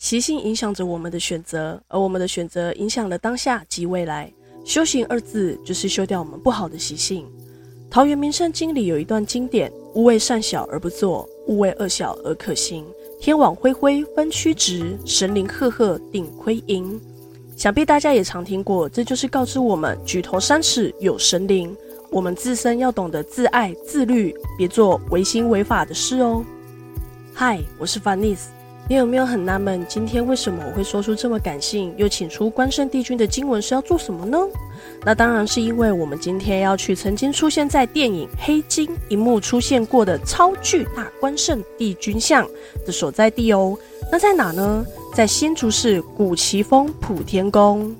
習性影響着我們的選擇，而我們的選擇影響了當下及未來。修行二字就是修掉我們不好的習性。《桃園明聖經》裡有一段經典：勿謂善小而不做，勿謂惡小而可行。天網恢恢，分曲直；神靈赫赫，定虧盈。想必大家也常聽過，這就是告知我們：舉頭三尺有神靈。我們自身要懂得自愛、自律，別做違心、違法的事哦、喔。嗨，我是 Vanice。你有沒有很納悶，今天為什麼我會說出這麼感性，又請出關聖帝君的經文是要做什麼呢？那當然是因為我們今天要去曾經出現在電影《黑金》一幕出現過的超巨大關聖帝君像的所在地哦。那在哪呢？在新竹市古奇峰普天宮。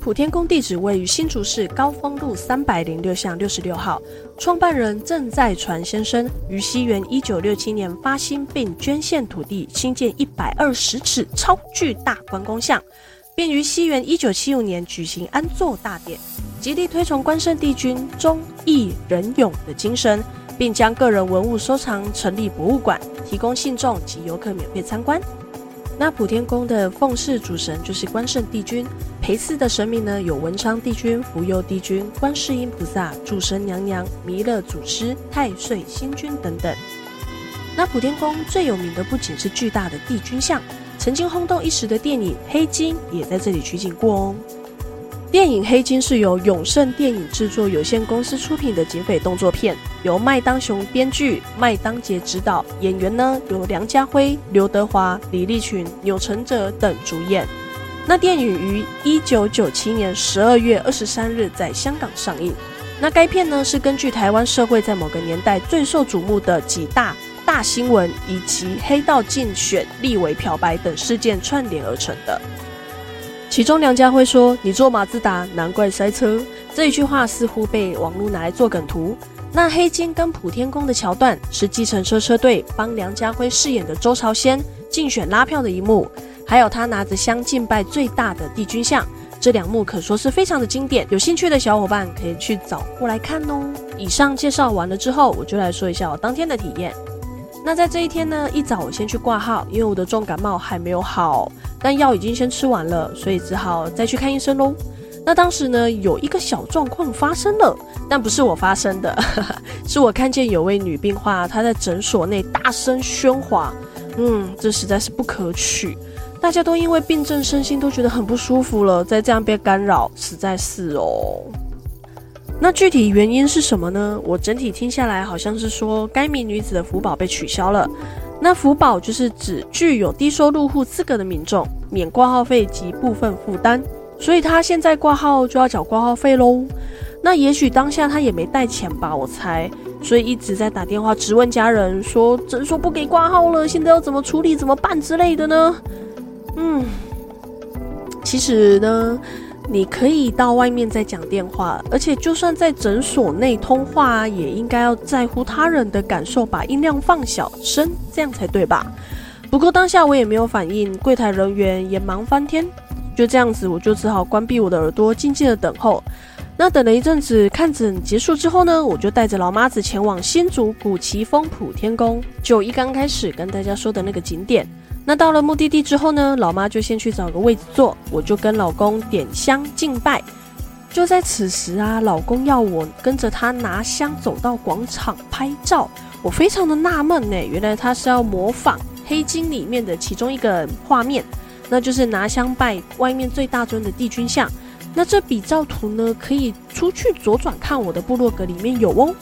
普天宮地址位於新竹市高峰路三百零六巷六十六號。創辦人鄭在傳先生於西元一九六七年發心並捐獻土地，新建一百二十尺超巨大關公像，並於西元一九七五年舉行安座大典，極力推崇關聖帝君忠義仁勇的精神，並將個人文物收藏成立博物館，提供信眾及遊客免費參觀。那普天宮的奉祀主神就是關聖帝君，陪祀的神明呢有文昌帝君、福佑帝君、觀世音菩薩、註生娘娘、彌勒祖師、太歲星君等等。那普天宮最有名的不僅是巨大的帝君像，曾經轟動一時的電影《黑金》也在這裡取景過哦。電影《黑金》是由永盛電影製作有限公司出品的警匪動作片，由麥當雄編劇、麥當傑執導，演員呢由梁家輝、劉德華、李立群、鈕承澤等主演。那電影於一九九七年十二月二十三日在香港上映。那該片呢是根據台灣社會在某個年代最受矚目的幾大大新聞以及黑道競選、立委漂白等事件串聯而成的。其中梁家輝說：“你坐馬自達，難怪塞車。”這一句話似乎被網絡拿來做梗圖。那黑金跟普天宮的橋段是計程車車隊幫梁家輝飾演的周朝先競選拉票的一幕，還有他拿着香敬拜最大的帝君像，這兩幕可說是非常的經典。有興趣的小夥伴可以去找過來看哦、喔。以上介紹完了之後，我就來說一下我當天的體驗。那在這一天呢，一早我先去掛號，因為我的重感冒還沒有好，但藥已經先吃完了，所以只好再去看醫生嘍。那當時呢，有一個小狀況發生了，但不是我發生的，呵呵，是我看見有位女病患她在診所內大聲喧嘩，嗯，這實在是不可取。大家都因為病症身心都覺得很不舒服了，再這樣被干擾，實在是哦。那具體原因是什麼呢？我整體聽下來好像是說，該名女子的福保被取消了。那福保就是指具有低收入戶資格的民眾免掛號費及部分負擔，所以她現在掛號就要繳掛號費嘍。那也許當下她也沒帶錢吧，我猜，所以一直在打電話質問家人，說診所不給掛號了，現在要怎麼處理，怎麼辦之類的呢？嗯，其實呢。你可以到外面再講電話，而且就算在診所內通話啊，也應該要在乎他人的感受，把音量放小聲，這樣才對吧？不過當下我也沒有反應，櫃檯人員也忙翻天，就這樣子，我就只好關閉我的耳朵，靜靜的等候。那等了一陣子，看診結束之後呢，我就帶着老媽子前往新竹古奇峰普天宮，就一剛開始跟大家說的那個景點。那到了目的地之後呢，老媽就先去找個位置坐，我就跟老公點香敬拜。就在此時啊，老公要我跟着他拿香走到廣場拍照，我非常的納悶呢，原來他是要模仿黑金裡面的其中一個畫面，那就是拿香拜外面最大尊的帝君像。那這比照圖呢，可以出去左轉看我的部落格裡面有哦。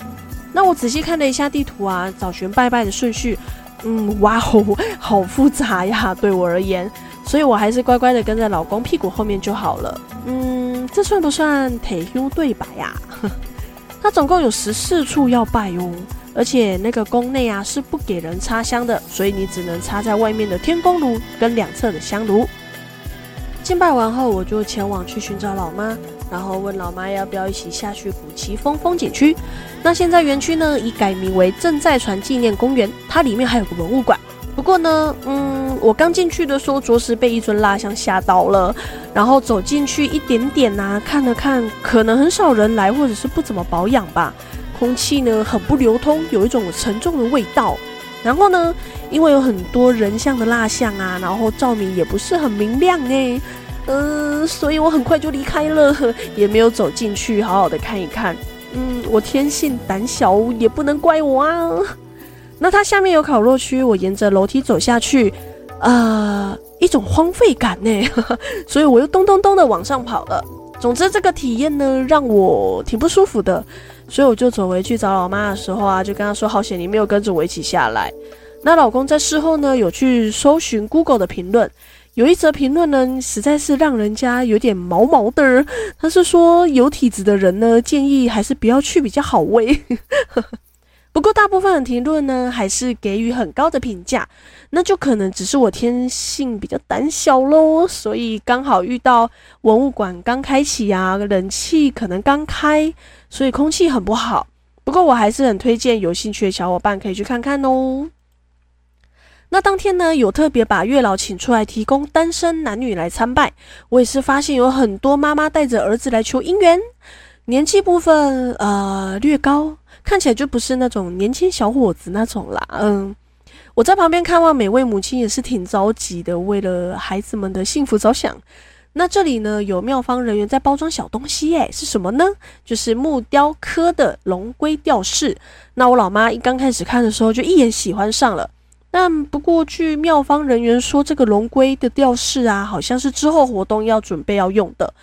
那我仔細看了一下地圖啊，找尋拜拜的順序。嗯，哇哦，好複雜呀，對我而言，所以我還是乖乖地跟在老公屁股後面就好了。嗯，這算不算退休對白呀、啊？它 總共有十四處要拜哦，而且那個宮內啊是不給人插香的，所以你只能插在外面的天宮爐跟兩側的香爐。敬拜完後，我就前往去尋找老媽。然後問老媽要不要一起下去古奇峰風，風景區。那現在園區呢，已改名為鄭再傳紀念公園，它裡面還有個文物館。不過呢，嗯，我剛進去的時候着實被一尊蠟像嚇到了。然後走進去一點點吶、啊，看了看，可能很少人來，或者是不怎麼保養吧。空氣呢很不流通，有一種沉重的味道。然後呢，因為有很多人像的蠟像啊，然後照明也不是很明亮誒、欸。嗯、呃，所以我很快就離開了，也沒有走進去，好好的看一看。嗯，我天性膽小，也不能怪我啊。那它下面有烤肉區，我沿着樓梯走下去，呃，一種荒廢感呢，所以我又咚咚咚的往上跑了。總之，這個體驗呢，讓我挺不舒服的，所以我就走回去找老媽的時候啊，就跟她說：“好險，你沒有跟着我一起下來。”那老公在事後呢，有去搜尋 Google 的評論。有一則評論呢，實在是讓人家有點毛毛的。他是說有體質的人呢，建議還是不要去比較好喂。 不過大部分的評論呢，還是給予很高的評價。那就可能只是我天性比較膽小咯，所以剛好遇到文物館剛開啟呀、啊，冷氣可能剛開，所以空氣很不好。不過我還是很推薦有興趣的小伙伴可以去看看哦。那當天呢，有特別把月老請出來，提供單身男女來參拜。我也是發現有很多媽媽帶着兒子來求姻緣。年紀部分，呃，略高，看起來就不是那種年輕小伙子那種啦。嗯，我在旁邊看望每位母親，也是挺着急的，為了孩子們的幸福着想。那這裡呢，有廟方人員在包裝小東西，哎，是什麼呢？就是木雕刻的龍龜吊飾。那我老媽一剛開始看的時候，就一眼喜歡上了。但不過，據廟方人員說，這個龍龜的吊飾啊，好像是之後活動要準備要用的。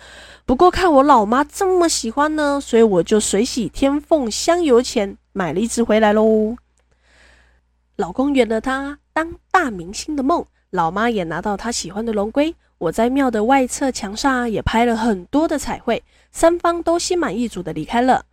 不過看我老媽這麼喜歡呢，所以我就隨喜添奉香油錢買了一只回來嘍。老公圓了他當大明星的夢，老媽也拿到她喜歡的龍龜。我在廟的外側牆上也拍了很多的彩繪，三方都心滿意足的離開了。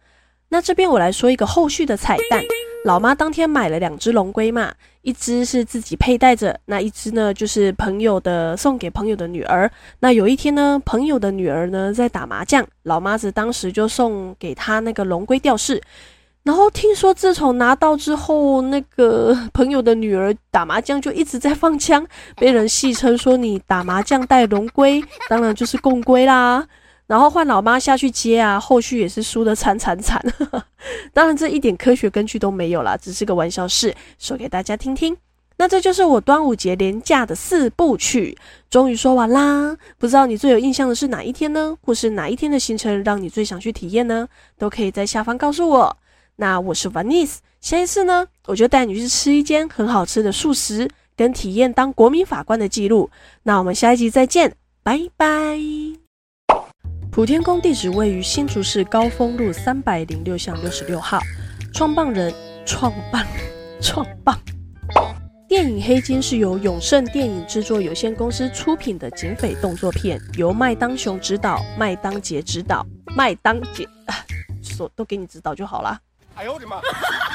那這邊我來說一個後續的彩蛋，老媽當天買了兩只龍龜嘛，一只是自己佩戴着，那一只呢就是朋友的送給朋友的女兒。那有一天呢，朋友的女兒呢在打麻將，老媽子當時就送給她那個龍龜吊飾。然後聽說自從拿到之後，那個朋友的女兒打麻將就一直在放槍，被人戲稱說你打麻將帶龍龜，當然就是摃龜啦。然後換老媽下去接啊，後續也是輸得慘慘慘，呵呵。當然這一點科學根據都沒有啦，只是個玩笑事，說給大家聽聽。那這就是我端午節連假的四部曲，終於說完啦。不知道你最有印象的是哪一天呢？或是哪一天的行程讓你最想去體驗呢？都可以在下方告訴我。那我是 Vaness，下一次呢，我就帶你去吃一間很好吃的素食，跟體驗當國民法官的記錄。那我們下一集再見，拜拜。普天宮地址位於新竹市高峰路三百零六巷六十六號。創辦人，創辦，創辦。電影《黑金》是由永盛電影製作有限公司出品的警匪動作片，由麥當雄執導、麥當傑執導、麥當傑、啊、所都給你指導就好啦。哎呦我的媽！